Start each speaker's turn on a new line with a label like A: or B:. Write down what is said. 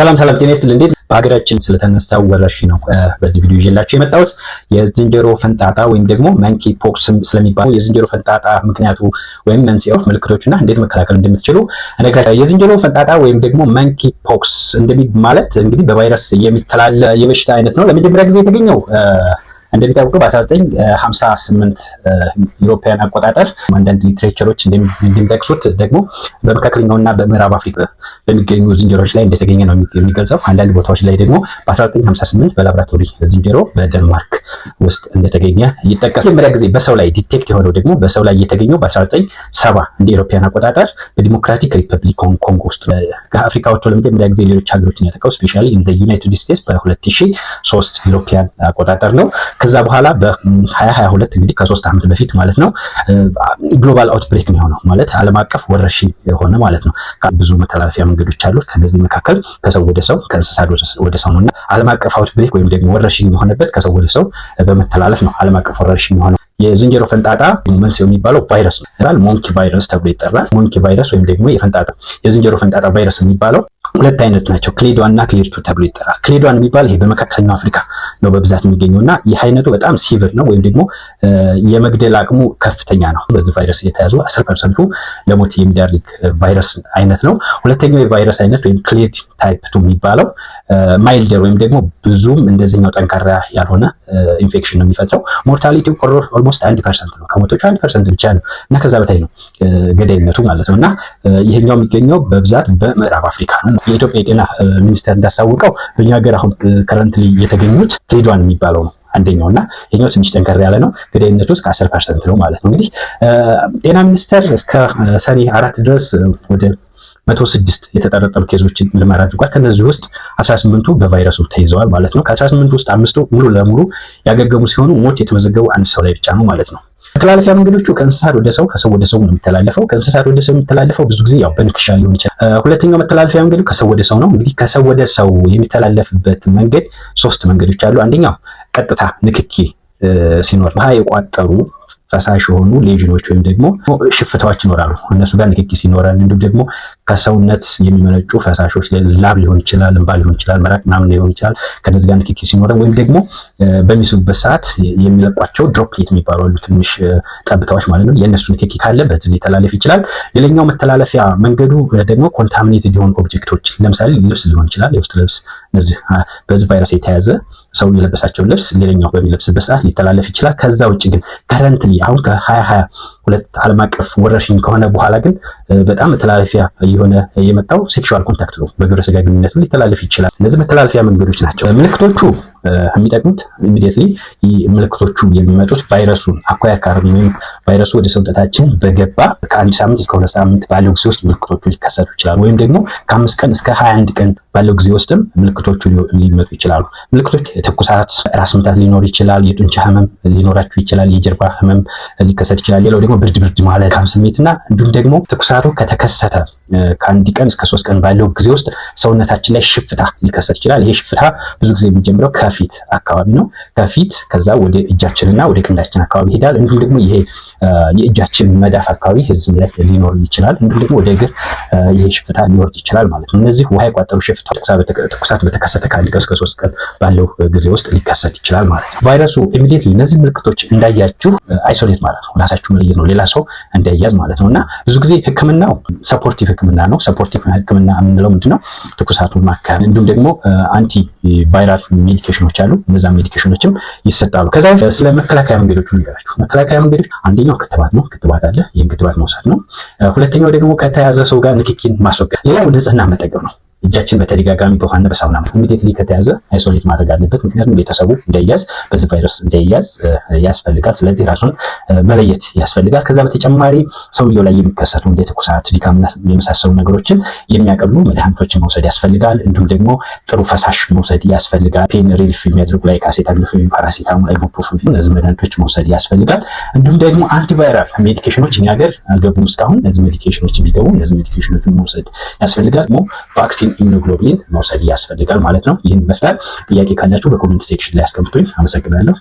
A: ሰላም ሰላም፣ ጤና ይስጥልኝ። እንዴት በሀገራችን ስለተነሳው ወረርሽኝ ነው በዚህ ቪዲዮ ይዤላችሁ የመጣሁት። የዝንጀሮ ፈንጣጣ ወይም ደግሞ መንኪ ፖክስ ስለሚባለው የዝንጀሮ ፈንጣጣ ምክንያቱ ወይም መንስኤው፣ ምልክቶችና እንዴት መከላከል እንደምትችሉ እነግራችኋለሁ። የዝንጀሮ ፈንጣጣ ወይም ደግሞ መንኪ ፖክስ ማለት እንግዲህ በቫይረስ የሚተላለ የበሽታ አይነት ነው። ለመጀመሪያ ጊዜ የተገኘው እንደሚታወቀው በ1958 ዩሮፓያን አቆጣጠር አንዳንድ ሊትሬቸሮች እንደሚጠቅሱት ደግሞ በመካከለኛውና በምዕራብ አፍሪካ በሚገኙ ዝንጀሮች ላይ እንደተገኘ ነው የሚገልጸው። አንዳንድ ቦታዎች ላይ ደግሞ በ1958 በላብራቶሪ ዝንጀሮ በደንማርክ ውስጥ እንደተገኘ ይጠቀሳል። መጀመሪያ ጊዜ በሰው ላይ ዲቴክት የሆነው ደግሞ በሰው ላይ እየተገኘው በ1970 እንደ ኤሮፓያን አቆጣጠር በዲሞክራቲክ ሪፐብሊክ ኮንጎ ውስጥ ከአፍሪካ ወጥቶ ለመጀመሪያ ጊዜ ሌሎች ሀገሮችን ያጠቀው ስፔሻሊ እንደ ዩናይትድ ስቴትስ በ2003 ኢሮፒያን አቆጣጠር ነው። ከዛ በኋላ በ2022 እንግዲህ ከሶስት ዓመት በፊት ማለት ነው ግሎባል አውትብሬክ ነው የሆነው ማለት ዓለም አቀፍ ወረርሽኝ የሆነ ማለት ነው ብዙ መተላለፊያ መንገዶች አሉ። ከነዚህ መካከል ከሰው ወደ ሰው፣ ከእንስሳ ወደ ሰው ነው እና ዓለም አቀፍ አውትብሬክ ወይም ደግሞ ወረርሽኝ የሆነበት ከሰው ወደ ሰው በመተላለፍ ነው ዓለም አቀፍ ወረርሽኝ የሆነው። የዝንጀሮ ፈንጣጣ መንስኤው የሚባለው ቫይረስ ነው። ሞንኪ ቫይረስ ተብሎ ይጠራል። ሞንኪ ቫይረስ ወይም ደግሞ የፈንጣጣ የዝንጀሮ ፈንጣጣ ቫይረስ የሚባለው ሁለት አይነት ናቸው፣ ክሌዷን እና ክሌድ ተብሎ ይጠራል። ክሌዷን የሚባል ይሄ በመካከለኛው አፍሪካ ነው በብዛት የሚገኘው እና ይህ አይነቱ በጣም ሲቪር ነው ወይም ደግሞ የመግደል አቅሙ ከፍተኛ ነው። በዚህ ቫይረስ የተያዙ አስር ፐርሰንቱ ለሞት የሚዳርግ ቫይረስ አይነት ነው። ሁለተኛው የቫይረስ አይነት ወይም ክሌድ ታይፕቱ የሚባለው ማይልደር ወይም ደግሞ ብዙም እንደዚህኛው ጠንካራ ያልሆነ ኢንፌክሽን ነው የሚፈጥረው። ሞርታሊቲው ኦልሞስት አንድ ፐርሰንት ነው፣ ከሞቶቹ አንድ ፐርሰንት ብቻ ነው እና ከዛ በታይ ነው ገዳይነቱ ማለት ነው። እና ይህኛው የሚገኘው በብዛት በምዕራብ አፍሪካ ነው። የኢትዮጵያ የጤና ሚኒስቴር እንዳስታወቀው በኛ ሀገር አሁን ከረንትሊ የተገኙት ሬድዋን የሚባለው ነው አንደኛው እና ይህኛው ትንሽ ጠንከር ያለ ነው። ገዳይነቱ እስከ አስር ፐርሰንት ነው ማለት ነው። እንግዲህ ጤና ሚኒስቴር እስከ ሰኔ አራት ድረስ ወደ መቶ ስድስት የተጠረጠሩ ኬዞችን ምርመራ አድርጓል። ከነዚህ ውስጥ አስራ ስምንቱ በቫይረሱ ተይዘዋል ማለት ነው ከአስራ 18 ውስጥ አምስቱ ሙሉ ለሙሉ ያገገሙ ሲሆኑ ሞት የተመዘገቡ አንድ ሰው ላይ ብቻ ነው ማለት ነው። መተላለፊያ መንገዶቹ ከእንስሳት ወደ ሰው፣ ከሰው ወደ ሰው ነው የሚተላለፈው። ከእንስሳት ወደ ሰው የሚተላለፈው ብዙ ጊዜ ያው በንክሻ ሊሆን ይችላል። ሁለተኛው መተላለፊያ መንገዱ ከሰው ወደ ሰው ነው። እንግዲህ ከሰው ወደ ሰው የሚተላለፍበት መንገድ ሶስት መንገዶች አሉ። አንደኛው ቀጥታ ንክኪ ሲኖር ውሃ የቋጠሩ ፈሳሽ የሆኑ ሌዥኖች ወይም ደግሞ ሽፍታዎች ይኖራሉ። እነሱ ጋር ንክኪ ይኖራል። እንዲሁም ደግሞ ከሰውነት የሚመነጩ ፈሳሾች ላብ ሊሆን ይችላል፣ እንባ ሊሆን ይችላል፣ መራቅ ምናምን ሊሆን ይችላል። ከነዚህ ጋር ንክኪ ይኖራል። ወይም ደግሞ በሚስቡበት ሰዓት የሚለቋቸው ድሮፕሌት የሚባሉ አሉ፣ ትንሽ ጠብታዎች ማለት ነው። የእነሱ ንክኪ ካለ በዚህ ሊተላለፍ ይችላል። ሌላኛው መተላለፊያ መንገዱ ደግሞ ኮንታሚኔትድ የሆኑ ኦብጀክቶች ለምሳሌ ልብስ ሊሆን ይችላል፣ የውስጥ ልብስ በዚህ ቫይረስ የተያዘ ሰው የለበሳቸው ልብስ ሌላኛው በሚለብስበት ሰዓት ሊተላለፍ ይችላል። ከዛ ውጭ ግን ከረንትሊ አሁን ከሀያ ሀያ ሁለት ዓለም አቀፍ ወረርሽኝ ከሆነ በኋላ ግን በጣም መተላለፊያ እየሆነ የመጣው ሴክሹዋል ኮንታክት ነው። በግብረ ስጋ ግንኙነት ሊተላለፍ ይችላል። እነዚህ መተላለፊያ መንገዶች ናቸው። ምልክቶቹ የሚጠቅሙት ኢሚዲየትሊ ምልክቶቹ የሚመጡት ቫይረሱን አኳያ አካባቢ ወይም ቫይረሱ ወደ ሰውጠታችን በገባ ከአንድ ሳምንት እስከ ሁለት ሳምንት ባለው ጊዜ ውስጥ ምልክቶቹ ሊከሰቱ ይችላሉ። ወይም ደግሞ ከአምስት ቀን እስከ ሀያ አንድ ቀን ባለው ጊዜ ውስጥም ምልክቶቹ ሊመጡ ይችላሉ። ምልክቶች ትኩሳት፣ ራስ ምታት ሊኖር ይችላል። የጡንቻ ህመም ሊኖራችሁ ይችላል። የጀርባ ህመም ሊከሰት ይችላል። ሌላው ደግሞ ብርድ ብርድ ማለት ካም ስሜትና እንዲሁም ደግሞ ትኩሳቱ ከተከሰተ ከአንድ ቀን እስከ ሶስት ቀን ባለው ጊዜ ውስጥ ሰውነታችን ላይ ሽፍታ ሊከሰት ይችላል። ይሄ ሽፍታ ብዙ ጊዜ የሚጀምረው ከፊት አካባቢ ነው። ከፊት ከዛ ወደ እጃችንና ወደ ክንዳችን አካባቢ ይሄዳል። እንዲሁም ደግሞ ይሄ የእጃችን መዳፍ አካባቢ ህዝም ላይ ሊኖር ይችላል። እንዲሁም ደግሞ ወደ እግር ይሄ ሽፍታ ሊወርድ ይችላል ማለት ነው። እነዚህ ውሃ የቋጠሩ ሽፍታ ትኩሳት በተከሰተ ከአንድ ቀን እስከ ሶስት ቀን ባለው ጊዜ ውስጥ ሊከሰት ይችላል ማለት ነው። ቫይረሱ ኢሚዲት እነዚህ ምልክቶች እንዳያችሁ አይሶሌት ማለት ነው፣ ራሳችሁ መለየት ነው፣ ሌላ ሰው እንዳያዝ ማለት ነው እና ብዙ ጊዜ ህክምናው ሰፖርቲቭ ህክምና ነው። ሰፖርቲቭ ህክምና የምንለው ነው? ትኩሳቱን ማከም እንዲሁም ደግሞ አንቲ ቫይራል ሜዲኬሽኖች አሉ። እነዛ ሜዲኬሽኖችም ይሰጣሉ። ከዛ ስለ መከላከያ መንገዶች ነገራችሁ። መከላከያ መንገዶች አንደኛው ክትባት ነው። ክትባት አለ። ይህን ክትባት መውሰድ ነው። ሁለተኛው ደግሞ ከተያዘ ሰው ጋር ንክኪን ማስወገድ፣ ሌላው ንጽህና መጠቀም ነው። እጃችን በተደጋጋሚ በውሃና በሳሙና ኢሚዲየትሊ ከተያዘ አይሶሌት ማድረግ አለበት። ምክንያቱም ቤተሰቡ እንዳይያዝ በዚህ ቫይረስ እንዳይያዝ ያስፈልጋል። ስለዚህ ራሱን መለየት ያስፈልጋል። ከዛ በተጨማሪ ሰውየው ላይ የሚከሰቱ እንደ ትኩሳት፣ ድካምና የመሳሰሉ ነገሮችን የሚያቀሉ መድኃኒቶችን መውሰድ ያስፈልጋል። እንዲሁም ደግሞ ጥሩ ፈሳሽ መውሰድ ያስፈልጋል። ፔን ሪሊፍ የሚያደርጉ ላይ አሴታሚኖፌን፣ ፓራሲታሞል፣ ኢቡፕሮፌን እነዚህ መድኃኒቶች መውሰድ ያስፈልጋል። እንዲሁም ደግሞ አንቲቫይራል ሜዲኬሽኖች እኛ ሀገር አልገቡም እስካሁን። እነዚህ ሜዲኬሽኖች ቢገቡ እነዚህ ሜዲኬሽኖች መውሰድ ያስፈልጋል። ቫክሲን ኢሚኖግሎቢን መውሰድ ያስፈልጋል ማለት ነው። ይህን ይመስላል። ጥያቄ ካላችሁ በኮሜንት ሴክሽን ላይ አስቀምጡኝ። አመሰግናለሁ።